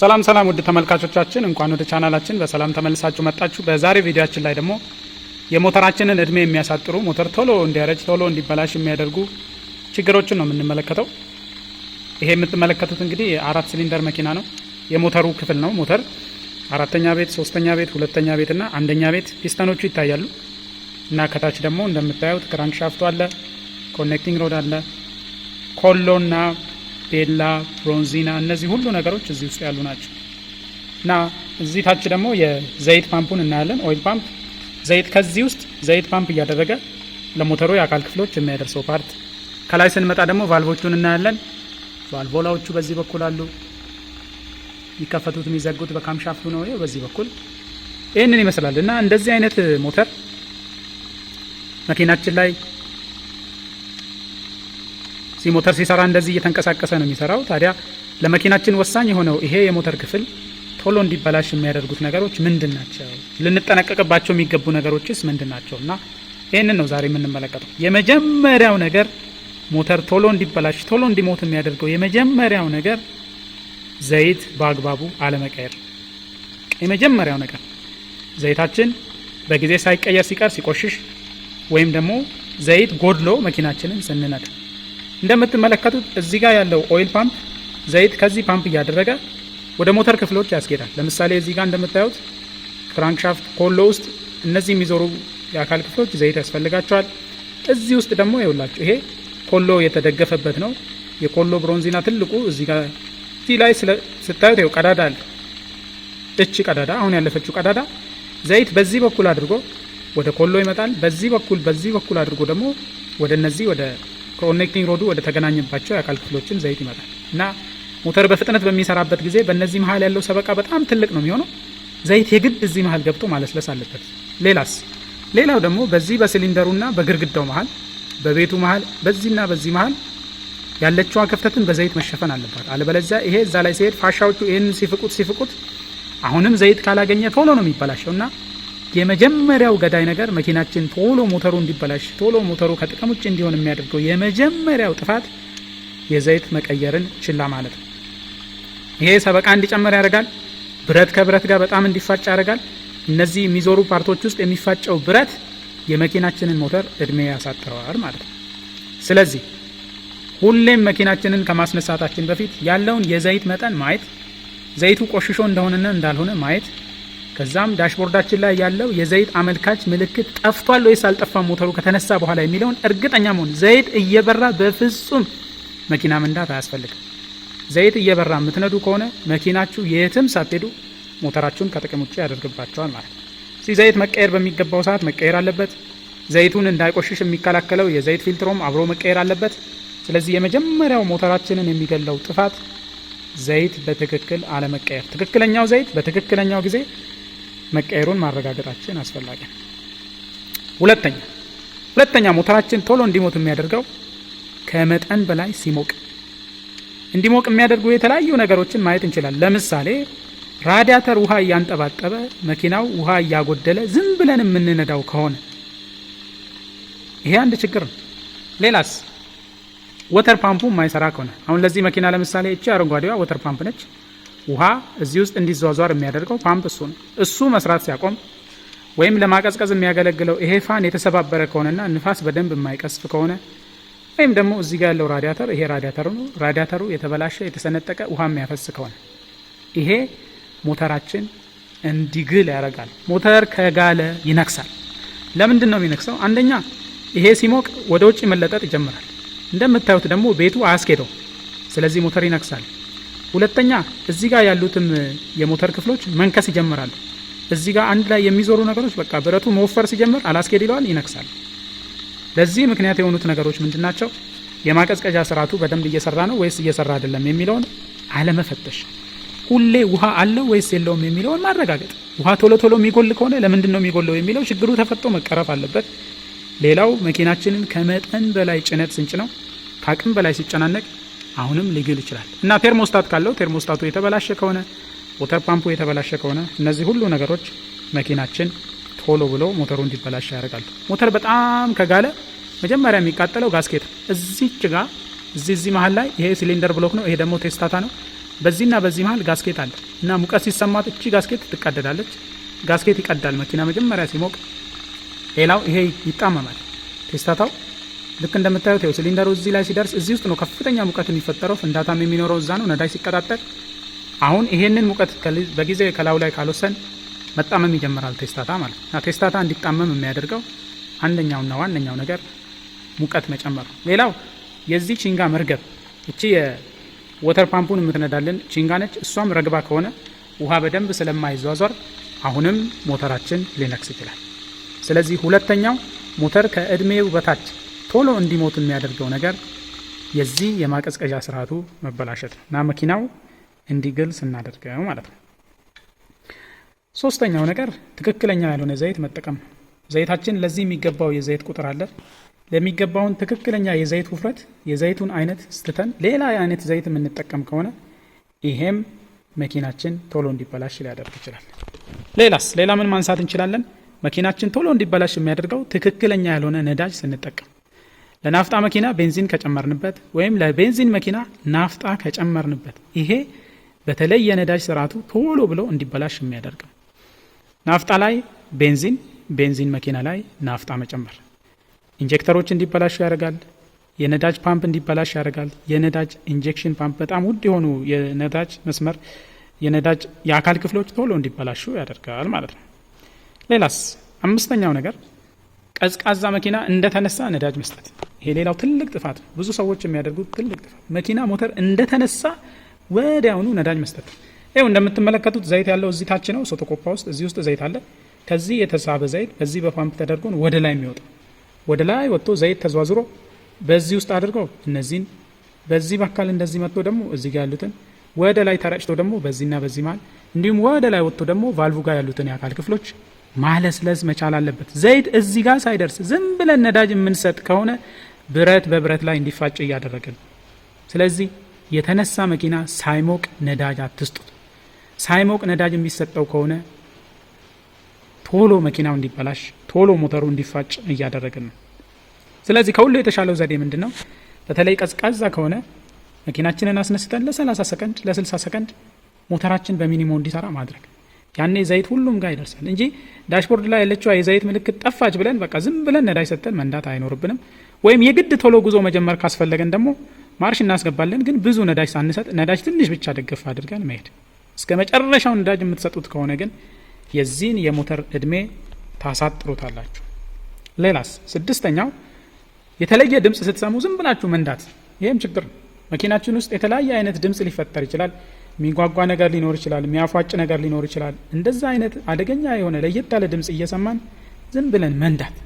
ሰላም ሰላም ውድ ተመልካቾቻችን እንኳን ወደ ቻናላችን በሰላም ተመልሳችሁ መጣችሁ። በዛሬ ቪዲያችን ላይ ደግሞ የሞተራችንን እድሜ የሚያሳጥሩ ሞተር ቶሎ እንዲያረጅ ቶሎ እንዲበላሽ የሚያደርጉ ችግሮችን ነው የምንመለከተው። ይሄ የምትመለከቱት እንግዲህ አራት ሲሊንደር መኪና ነው። የሞተሩ ክፍል ነው። ሞተር አራተኛ ቤት፣ ሶስተኛ ቤት፣ ሁለተኛ ቤት እና አንደኛ ቤት ፒስተኖቹ ይታያሉ እና ከታች ደግሞ እንደምታዩት ክራንክ ሻፍቶ አለ፣ ኮኔክቲንግ ሮድ አለ፣ ኮሎና ቤላ፣ ብሮንዚና እነዚህ ሁሉ ነገሮች እዚህ ውስጥ ያሉ ናቸው እና እዚህ ታች ደግሞ የዘይት ፓምፑን እናያለን። ኦይል ፓምፕ ዘይት ከዚህ ውስጥ ዘይት ፓምፕ እያደረገ ለሞተሩ የአካል ክፍሎች የሚያደርሰው ፓርት። ከላይ ስንመጣ ደግሞ ቫልቮቹን እናያለን። ቫልቮላዎቹ በዚህ በኩል አሉ። የሚከፈቱት የሚዘጉት በካምሻፍቱ ነው። በዚህ በኩል ይህንን ይመስላል እና እንደዚህ አይነት ሞተር መኪናችን ላይ ሞተር ሲሰራ እንደዚህ እየተንቀሳቀሰ ነው የሚሰራው። ታዲያ ለመኪናችን ወሳኝ የሆነው ይሄ የሞተር ክፍል ቶሎ እንዲበላሽ የሚያደርጉት ነገሮች ምንድን ናቸው? ልንጠነቀቅባቸው የሚገቡ ነገሮችስ ምንድን ናቸው? እና ይህንን ነው ዛሬ የምንመለከተው። የመጀመሪያው ነገር ሞተር ቶሎ እንዲበላሽ ቶሎ እንዲሞት የሚያደርገው የመጀመሪያው ነገር ዘይት በአግባቡ አለመቀየር። የመጀመሪያው ነገር ዘይታችን በጊዜ ሳይቀየር ሲቀር ሲቆሽሽ፣ ወይም ደግሞ ዘይት ጎድሎ መኪናችንን ስንነድ እንደምትመለከቱት እዚህ ጋር ያለው ኦይል ፓምፕ ዘይት ከዚህ ፓምፕ እያደረገ ወደ ሞተር ክፍሎች ያስጌዳል። ለምሳሌ እዚህ ጋር እንደምታዩት ክራንክሻፍት ኮሎ ውስጥ እነዚህ የሚዞሩ የአካል ክፍሎች ዘይት ያስፈልጋቸዋል። እዚህ ውስጥ ደግሞ ይውላችሁ ይሄ ኮሎ የተደገፈበት ነው። የኮሎ ብሮንዚና ትልቁ እዚህ ጋር እዚህ ላይ ስታዩት ይኸው ቀዳዳ አለ። እቺ ቀዳዳ አሁን ያለፈችው ቀዳዳ ዘይት በዚህ በኩል አድርጎ ወደ ኮሎ ይመጣል። በዚህ በኩል በዚህ በኩል አድርጎ ደግሞ ወደ እነዚህ ወደ ኮኔክቲንግ ሮዱ ወደ ተገናኘባቸው የአካል ክፍሎችን ዘይት ይመጣል እና ሞተር በፍጥነት በሚሰራበት ጊዜ በእነዚህ መሀል ያለው ሰበቃ በጣም ትልቅ ነው የሚሆነው። ዘይት የግድ እዚህ መሀል ገብቶ ማለስለስ አለበት። ሌላስ ሌላው ደግሞ በዚህ በሲሊንደሩና በግርግዳው መሀል በቤቱ መሀል በዚህና በዚህ መሀል ያለችዋ ክፍተትን በዘይት መሸፈን አለባት። አለበለዚያ ይሄ እዛ ላይ ሲሄድ ፋሻዎቹ ይህን ሲፍቁት ሲፍቁት አሁንም ዘይት ካላገኘ ቶሎ ነው የሚበላሸው እና የመጀመሪያው ገዳይ ነገር መኪናችን ቶሎ ሞተሩ እንዲበላሽ ቶሎ ሞተሩ ከጥቅም ውጭ እንዲሆን የሚያደርገው የመጀመሪያው ጥፋት የዘይት መቀየርን ችላ ማለት ነው። ይሄ ሰበቃ እንዲጨምር ያደርጋል። ብረት ከብረት ጋር በጣም እንዲፋጭ ያደርጋል። እነዚህ የሚዞሩ ፓርቶች ውስጥ የሚፋጨው ብረት የመኪናችንን ሞተር እድሜ ያሳጥረዋል ማለት ነው። ስለዚህ ሁሌም መኪናችንን ከማስነሳታችን በፊት ያለውን የዘይት መጠን ማየት ዘይቱ ቆሽሾ እንደሆነና እንዳልሆነ ማየት ከዛም ዳሽቦርዳችን ላይ ያለው የዘይት አመልካች ምልክት ጠፍቷል ወይስ አልጠፋም ሞተሩ ከተነሳ በኋላ የሚለውን እርግጠኛ መሆን። ዘይት እየበራ በፍጹም መኪና መንዳት አያስፈልግም። ዘይት እየበራ የምትነዱ ከሆነ መኪናችሁ የትም ሳትሄዱ ሞተራችሁን ከጥቅም ውጭ ያደርግባቸዋል ማለት ነው። እዚህ ዘይት መቀየር በሚገባው ሰዓት መቀየር አለበት። ዘይቱን እንዳይቆሽሽ የሚከላከለው የዘይት ፊልትሮም አብሮ መቀየር አለበት። ስለዚህ የመጀመሪያው ሞተራችንን የሚገለው ጥፋት ዘይት በትክክል አለመቀየር፣ ትክክለኛው ዘይት በትክክለኛው ጊዜ መቀየሩን ማረጋገጣችን አስፈላጊ ነው። ሁለተኛ ሁለተኛ ሞተራችን ቶሎ እንዲሞት የሚያደርገው ከመጠን በላይ ሲሞቅ እንዲሞቅ የሚያደርጉ የተለያዩ ነገሮችን ማየት እንችላል ለምሳሌ ራዲያተር ውሃ እያንጠባጠበ መኪናው ውሃ እያጎደለ ዝም ብለን የምንነዳው ከሆነ ይሄ አንድ ችግር ነው። ሌላስ ወተር ፓምፑ የማይሰራ ከሆነ አሁን ለዚህ መኪና ለምሳሌ እቺ አረንጓዴዋ ወተር ፓምፕ ነች። ውሃ እዚህ ውስጥ እንዲዟዟር የሚያደርገው ፓምፕ እሱ ነው። እሱ መስራት ሲያቆም ወይም ለማቀዝቀዝ የሚያገለግለው ይሄ ፋን የተሰባበረ ከሆነና ንፋስ በደንብ የማይቀስፍ ከሆነ ወይም ደግሞ እዚህ ጋር ያለው ራዲያተር ይሄ ራዲያተር ነው። ራዲያተሩ የተበላሸ የተሰነጠቀ ውሃ የሚያፈስ ከሆነ ይሄ ሞተራችን እንዲግል ያደርጋል። ሞተር ከጋለ ይነክሳል። ለምንድን ነው የሚነክሰው? አንደኛ ይሄ ሲሞቅ ወደ ውጭ መለጠጥ ይጀምራል። እንደምታዩት ደግሞ ቤቱ አያስኬደው። ስለዚህ ሞተር ይነክሳል። ሁለተኛ እዚህ ጋር ያሉትም የሞተር ክፍሎች መንከስ ይጀምራሉ። እዚህ ጋር አንድ ላይ የሚዞሩ ነገሮች በቃ ብረቱ መወፈር ሲጀምር አላስኬድ ይለዋል፣ ይነክሳል። ለዚህ ምክንያት የሆኑት ነገሮች ምንድን ናቸው? የማቀዝቀዣ ስርዓቱ በደንብ እየሰራ ነው ወይስ እየሰራ አይደለም የሚለውን አለመፈተሽ፣ ሁሌ ውሃ አለው ወይስ የለውም የሚለውን ማረጋገጥ። ውሃ ቶሎ ቶሎ የሚጎል ከሆነ ለምንድን ነው የሚጎለው የሚለው ችግሩ ተፈጦ መቀረፍ አለበት። ሌላው መኪናችንን ከመጠን በላይ ጭነት ስንጭ ነው ከአቅም በላይ ሲጨናነቅ አሁንም ሊግል ይችላል እና ቴርሞስታት ካለው ቴርሞስታቱ የተበላሸ ከሆነ ሞተር ፓምፑ የተበላሸ ከሆነ እነዚህ ሁሉ ነገሮች መኪናችን ቶሎ ብሎ ሞተሩ እንዲበላሽ ያደርጋሉ። ሞተር በጣም ከጋለ መጀመሪያ የሚቃጠለው ጋስኬት ነው። እዚች ጋ እዚህ እዚህ መሀል ላይ ይሄ ሲሊንደር ብሎክ ነው፣ ይሄ ደግሞ ቴስታታ ነው። በዚህና በዚህ መሀል ጋስኬት አለ እና ሙቀት ሲሰማት እቺ ጋስኬት ትቀደዳለች። ጋስኬት ይቀዳል መኪና መጀመሪያ ሲሞቅ። ሌላው ይሄ ይጣመማል ቴስታታው ልክ እንደምታዩት ው ሲሊንደሩ እዚህ ላይ ሲደርስ እዚህ ውስጥ ነው ከፍተኛ ሙቀት የሚፈጠረው። ፍንዳታም የሚኖረው እዛ ነው፣ ነዳጅ ሲቀጣጠል። አሁን ይሄንን ሙቀት በጊዜ ከላዩ ላይ ካልወሰን መጣመም ይጀምራል ቴስታታ ማለት ነው። ቴስታታ እንዲጣመም የሚያደርገው አንደኛውና ዋነኛው ነገር ሙቀት መጨመር ነው። ሌላው የዚህ ቺንጋ መርገብ፣ እቺ የወተር ፓምፑን የምትነዳልን ቺንጋ ነች። እሷም ረግባ ከሆነ ውሃ በደንብ ስለማይዟዟር አሁንም ሞተራችን ሊነክስ ይችላል። ስለዚህ ሁለተኛው ሞተር ከእድሜው በታች ቶሎ እንዲሞት የሚያደርገው ነገር የዚህ የማቀዝቀዣ ስርዓቱ መበላሸት እና መኪናው እንዲግል ስናደርገው ማለት ነው። ሶስተኛው ነገር ትክክለኛ ያልሆነ ዘይት መጠቀም ነው። ዘይታችን ለዚህ የሚገባው የዘይት ቁጥር አለ። ለሚገባውን ትክክለኛ የዘይት ውፍረት፣ የዘይቱን አይነት ስትተን ሌላ አይነት ዘይት የምንጠቀም ከሆነ ይሄም መኪናችን ቶሎ እንዲበላሽ ሊያደርግ ይችላል። ሌላስ ሌላ ምን ማንሳት እንችላለን? መኪናችን ቶሎ እንዲበላሽ የሚያደርገው ትክክለኛ ያልሆነ ነዳጅ ስንጠቀም ለናፍጣ መኪና ቤንዚን ከጨመርንበት ወይም ለቤንዚን መኪና ናፍጣ ከጨመርንበት ይሄ በተለይ የነዳጅ ስርዓቱ ቶሎ ብሎ እንዲበላሽ የሚያደርግ ናፍጣ ላይ ቤንዚን፣ ቤንዚን መኪና ላይ ናፍጣ መጨመር ኢንጀክተሮች እንዲበላሹ ያደርጋል። የነዳጅ ፓምፕ እንዲበላሽ ያደርጋል። የነዳጅ ኢንጀክሽን ፓምፕ በጣም ውድ የሆኑ የነዳጅ መስመር የነዳጅ የአካል ክፍሎች ቶሎ እንዲበላሹ ያደርጋል ማለት ነው። ሌላስ አምስተኛው ነገር ቀዝቃዛ መኪና እንደተነሳ ነዳጅ መስጠት ይሄ ሌላው ትልቅ ጥፋት ነው። ብዙ ሰዎች የሚያደርጉት ትልቅ ጥፋት መኪና ሞተር እንደተነሳ ወዲያውኑ ነዳጅ መስጠት። ይው እንደምትመለከቱት ዘይት ያለው እዚህ ታች ነው፣ ሶቶኮፓ ውስጥ እዚህ ውስጥ ዘይት አለ። ከዚህ የተሳበ ዘይት በዚህ በፓምፕ ተደርጎ ወደ ላይ የሚወጣ ወደ ላይ ወጥቶ ዘይት ተዘዋዝሮ በዚህ ውስጥ አድርገው እነዚህን በዚህ በካል እንደዚህ መጥቶ ደግሞ እዚህ ጋር ያሉትን ወደ ላይ ተረጭቶ ደግሞ በዚህና በዚህ መሀል እንዲሁም ወደ ላይ ወጥቶ ደግሞ ቫልቭ ጋር ያሉትን የአካል ክፍሎች ማለስለስ መቻል አለበት። ዘይት እዚህ ጋር ሳይደርስ ዝም ብለን ነዳጅ የምንሰጥ ከሆነ ብረት በብረት ላይ እንዲፋጭ እያደረገ ነው። ስለዚህ የተነሳ መኪና ሳይሞቅ ነዳጅ አትስጡት። ሳይሞቅ ነዳጅ የሚሰጠው ከሆነ ቶሎ መኪናው እንዲበላሽ፣ ቶሎ ሞተሩ እንዲፋጭ እያደረገ ነው። ስለዚህ ከሁሉ የተሻለው ዘዴ ምንድን ነው? በተለይ ቀዝቃዛ ከሆነ መኪናችንን አስነስተን ለ30 ሰከንድ ለ60 ሰከንድ ሞተራችን በሚኒሞ እንዲሰራ ማድረግ ያኔ ዘይት ሁሉም ጋር ይደርሳል እንጂ ዳሽቦርድ ላይ ያለችዋ የዘይት ምልክት ጠፋች ብለን በቃ ዝም ብለን ነዳጅ ሰጥተን መንዳት አይኖርብንም። ወይም የግድ ቶሎ ጉዞ መጀመር ካስፈለገን ደግሞ ማርሽ እናስገባለን። ግን ብዙ ነዳጅ ሳንሰጥ ነዳጅ ትንሽ ብቻ ደገፍ አድርገን መሄድ። እስከ መጨረሻው ነዳጅ የምትሰጡት ከሆነ ግን የዚህን የሞተር እድሜ ታሳጥሩታላችሁ። ሌላስ ስድስተኛው የተለየ ድምፅ ስትሰሙ ዝም ብላችሁ መንዳት። ይህም ችግር ነው። መኪናችን ውስጥ የተለያየ አይነት ድምፅ ሊፈጠር ይችላል። የሚንጓጓ ነገር ሊኖር ይችላል። የሚያፏጭ ነገር ሊኖር ይችላል። እንደዛ አይነት አደገኛ የሆነ ለየት ያለ ድምፅ እየሰማን ዝም ብለን መንዳት፣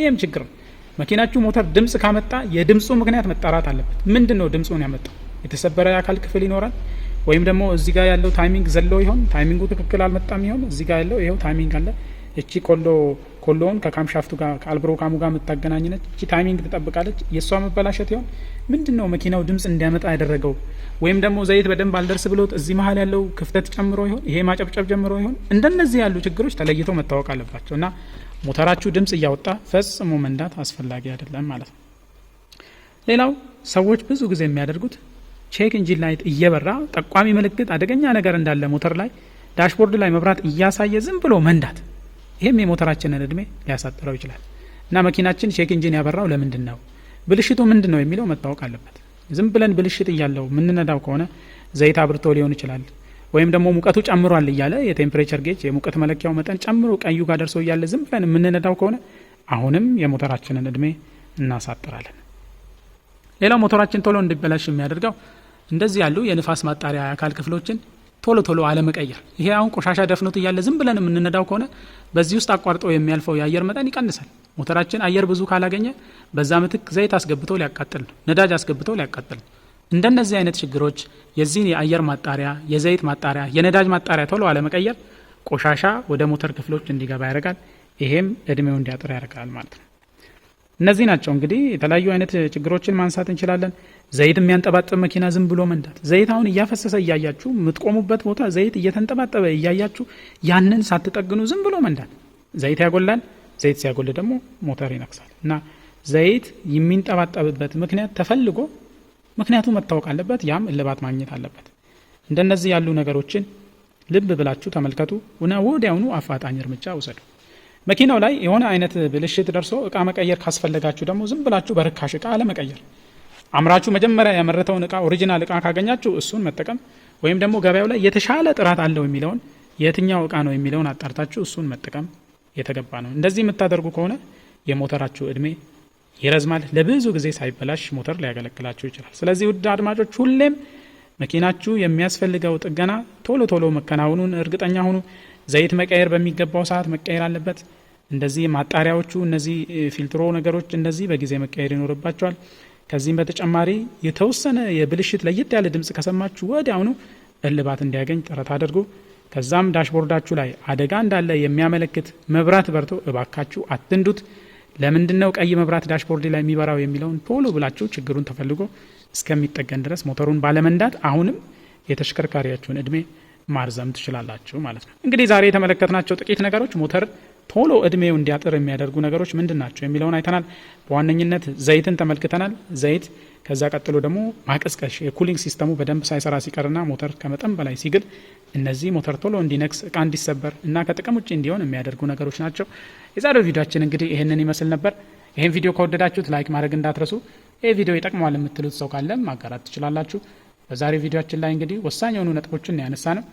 ይህም ችግር ነው። መኪናችሁ ሞተር ድምፅ ካመጣ የድምፁ ምክንያት መጣራት አለበት። ምንድን ነው ድምፁን ያመጣው? የተሰበረ የአካል ክፍል ይኖራል ወይም ደግሞ እዚህ ጋር ያለው ታይሚንግ ዘሎ ይሆን? ታይሚንጉ ትክክል አልመጣም ይሆን? እዚህ ጋር ያለው ይኸው ታይሚንግ አለ። እቺ ቆሎ ኮሎውን ከካምሻፍቱ ጋር ከአልብሮ ካሙ ጋር የምታገናኝ ነች። እቺ ታይሚንግ ትጠብቃለች። የእሷ መበላሸት ይሆን? ምንድን ነው መኪናው ድምፅ እንዲያመጣ ያደረገው? ወይም ደግሞ ዘይት በደንብ አልደርስ ብሎት እዚህ መሀል ያለው ክፍተት ጨምሮ ይሆን? ይሄ ማጨብጨብ ጀምሮ ይሆን? እንደነዚህ ያሉ ችግሮች ተለይተው መታወቅ አለባቸው እና ሞተራችሁ ድምፅ እያወጣ ፈጽሞ መንዳት አስፈላጊ አይደለም ማለት ነው። ሌላው ሰዎች ብዙ ጊዜ የሚያደርጉት ቼክ ኢንጂን ላይት እየበራ ጠቋሚ ምልክት አደገኛ ነገር እንዳለ ሞተር ላይ ዳሽቦርድ ላይ መብራት እያሳየ ዝም ብሎ መንዳት፣ ይህም የሞተራችንን እድሜ ሊያሳጥረው ይችላል እና መኪናችን ቼክ እንጂን ያበራው ለምንድን ነው፣ ብልሽቱ ምንድን ነው የሚለው መታወቅ አለበት። ዝም ብለን ብልሽት እያለው የምንነዳው ከሆነ ዘይት አብርቶ ሊሆን ይችላል ወይም ደግሞ ሙቀቱ ጨምሯል እያለ የቴምፕሬቸር ጌጅ የሙቀት መለኪያው መጠን ጨምሮ ቀዩ ጋር ደርሶ እያለ ዝም ብለን የምንነዳው ከሆነ አሁንም የሞተራችንን እድሜ እናሳጥራለን። ሌላው ሞተራችን ቶሎ እንዲበላሽ የሚያደርገው እንደዚህ ያሉ የንፋስ ማጣሪያ አካል ክፍሎችን ቶሎ ቶሎ አለመቀየር። ይሄ አሁን ቆሻሻ ደፍኖት እያለ ዝም ብለን የምንነዳው ከሆነ በዚህ ውስጥ አቋርጦ የሚያልፈው የአየር መጠን ይቀንሳል። ሞተራችን አየር ብዙ ካላገኘ በዛ ምትክ ዘይት አስገብቶ ሊያቃጥል ነው፣ ነዳጅ አስገብቶ ሊያቃጥል ነው። እንደነዚህ አይነት ችግሮች የዚህን የአየር ማጣሪያ፣ የዘይት ማጣሪያ፣ የነዳጅ ማጣሪያ ቶሎ አለመቀየር ቆሻሻ ወደ ሞተር ክፍሎች እንዲገባ ያደርጋል። ይሄም እድሜው እንዲያጥር ያደርጋል ማለት ነው። እነዚህ ናቸው እንግዲህ የተለያዩ አይነት ችግሮችን ማንሳት እንችላለን። ዘይት የሚያንጠባጥብ መኪና ዝም ብሎ መንዳት፣ ዘይት አሁን እያፈሰሰ እያያችሁ የምትቆሙበት ቦታ ዘይት እየተንጠባጠበ እያያችሁ ያንን ሳትጠግኑ ዝም ብሎ መንዳት ዘይት ያጎላል። ዘይት ሲያጎል ደግሞ ሞተር ይነክሳል እና ዘይት የሚንጠባጠብበት ምክንያት ተፈልጎ ምክንያቱ መታወቅ አለበት፣ ያም እልባት ማግኘት አለበት። እንደነዚህ ያሉ ነገሮችን ልብ ብላችሁ ተመልከቱ እና ወዲያውኑ አፋጣኝ እርምጃ ውሰዱ። መኪናው ላይ የሆነ አይነት ብልሽት ደርሶ እቃ መቀየር ካስፈለጋችሁ ደግሞ ዝም ብላችሁ በርካሽ እቃ አለመቀየር። አምራችሁ መጀመሪያ ያመረተውን እቃ ኦሪጂናል እቃ ካገኛችሁ እሱን መጠቀም ወይም ደግሞ ገበያው ላይ የተሻለ ጥራት አለው የሚለውን የትኛው እቃ ነው የሚለውን አጣርታችሁ እሱን መጠቀም የተገባ ነው። እንደዚህ የምታደርጉ ከሆነ የሞተራችሁ እድሜ ይረዝማል። ለብዙ ጊዜ ሳይበላሽ ሞተር ሊያገለግላችሁ ይችላል። ስለዚህ ውድ አድማጮች ሁሌም መኪናችሁ የሚያስፈልገው ጥገና ቶሎ ቶሎ መከናወኑን እርግጠኛ ሁኑ። ዘይት መቀየር በሚገባው ሰዓት መቀየር አለበት። እንደዚህ ማጣሪያዎቹ፣ እነዚህ ፊልትሮ ነገሮች እንደዚህ በጊዜ መቀየር ይኖርባቸዋል። ከዚህም በተጨማሪ የተወሰነ የብልሽት ለየት ያለ ድምፅ ከሰማችሁ ወዲያውኑ እልባት እንዲያገኝ ጥረት አድርጉ። ከዛም ዳሽቦርዳችሁ ላይ አደጋ እንዳለ የሚያመለክት መብራት በርቶ እባካችሁ አትንዱት። ለምንድን ነው ቀይ መብራት ዳሽቦርድ ላይ የሚበራው የሚለውን ቶሎ ብላችሁ ችግሩን ተፈልጎ እስከሚጠገን ድረስ ሞተሩን ባለመንዳት አሁንም የተሽከርካሪያችሁን እድሜ ማርዘም ትችላላችሁ ማለት ነው። እንግዲህ ዛሬ የተመለከትናቸው ጥቂት ነገሮች ሞተር ቶሎ እድሜው እንዲያጥር የሚያደርጉ ነገሮች ምንድን ናቸው የሚለውን አይተናል። በዋነኝነት ዘይትን ተመልክተናል። ዘይት ከዛ ቀጥሎ ደግሞ ማቀዝቀሽ የኩሊንግ ሲስተሙ በደንብ ሳይሰራ ሲቀርና ሞተር ከመጠን በላይ ሲግል እነዚህ ሞተር ቶሎ እንዲነክስ፣ እቃ እንዲሰበር እና ከጥቅም ውጭ እንዲሆን የሚያደርጉ ነገሮች ናቸው። የዛሬው ቪዲዮችን እንግዲህ ይህንን ይመስል ነበር። ይህን ቪዲዮ ከወደዳችሁት ላይክ ማድረግ እንዳትረሱ። ይህ ቪዲዮ ይጠቅመዋል የምትሉት ሰው ካለ ማጋራት ትችላላችሁ። በዛሬው ቪዲዮችን ላይ እንግዲህ ወሳኝ የሆኑ ነጥቦችን ያነሳ ነው።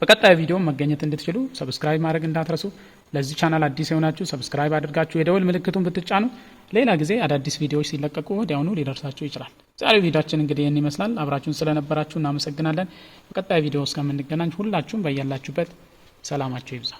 በቀጣዩ ቪዲዮ መገኘት እንድትችሉ ሰብስክራይብ ማድረግ እንዳትረሱ። ለዚህ ቻናል አዲስ የሆናችሁ ሰብስክራይብ አድርጋችሁ የደወል ምልክቱን ብትጫኑ ሌላ ጊዜ አዳዲስ ቪዲዮዎች ሲለቀቁ ወዲያውኑ ሊደርሳችሁ ይችላል። ዛሬ ቪዲዮችን እንግዲህ ይህን ይመስላል። አብራችሁን ስለነበራችሁ እናመሰግናለን። በቀጣይ ቪዲዮ እስከምንገናኝ ሁላችሁም በያላችሁበት ሰላማችሁ ይብዛ።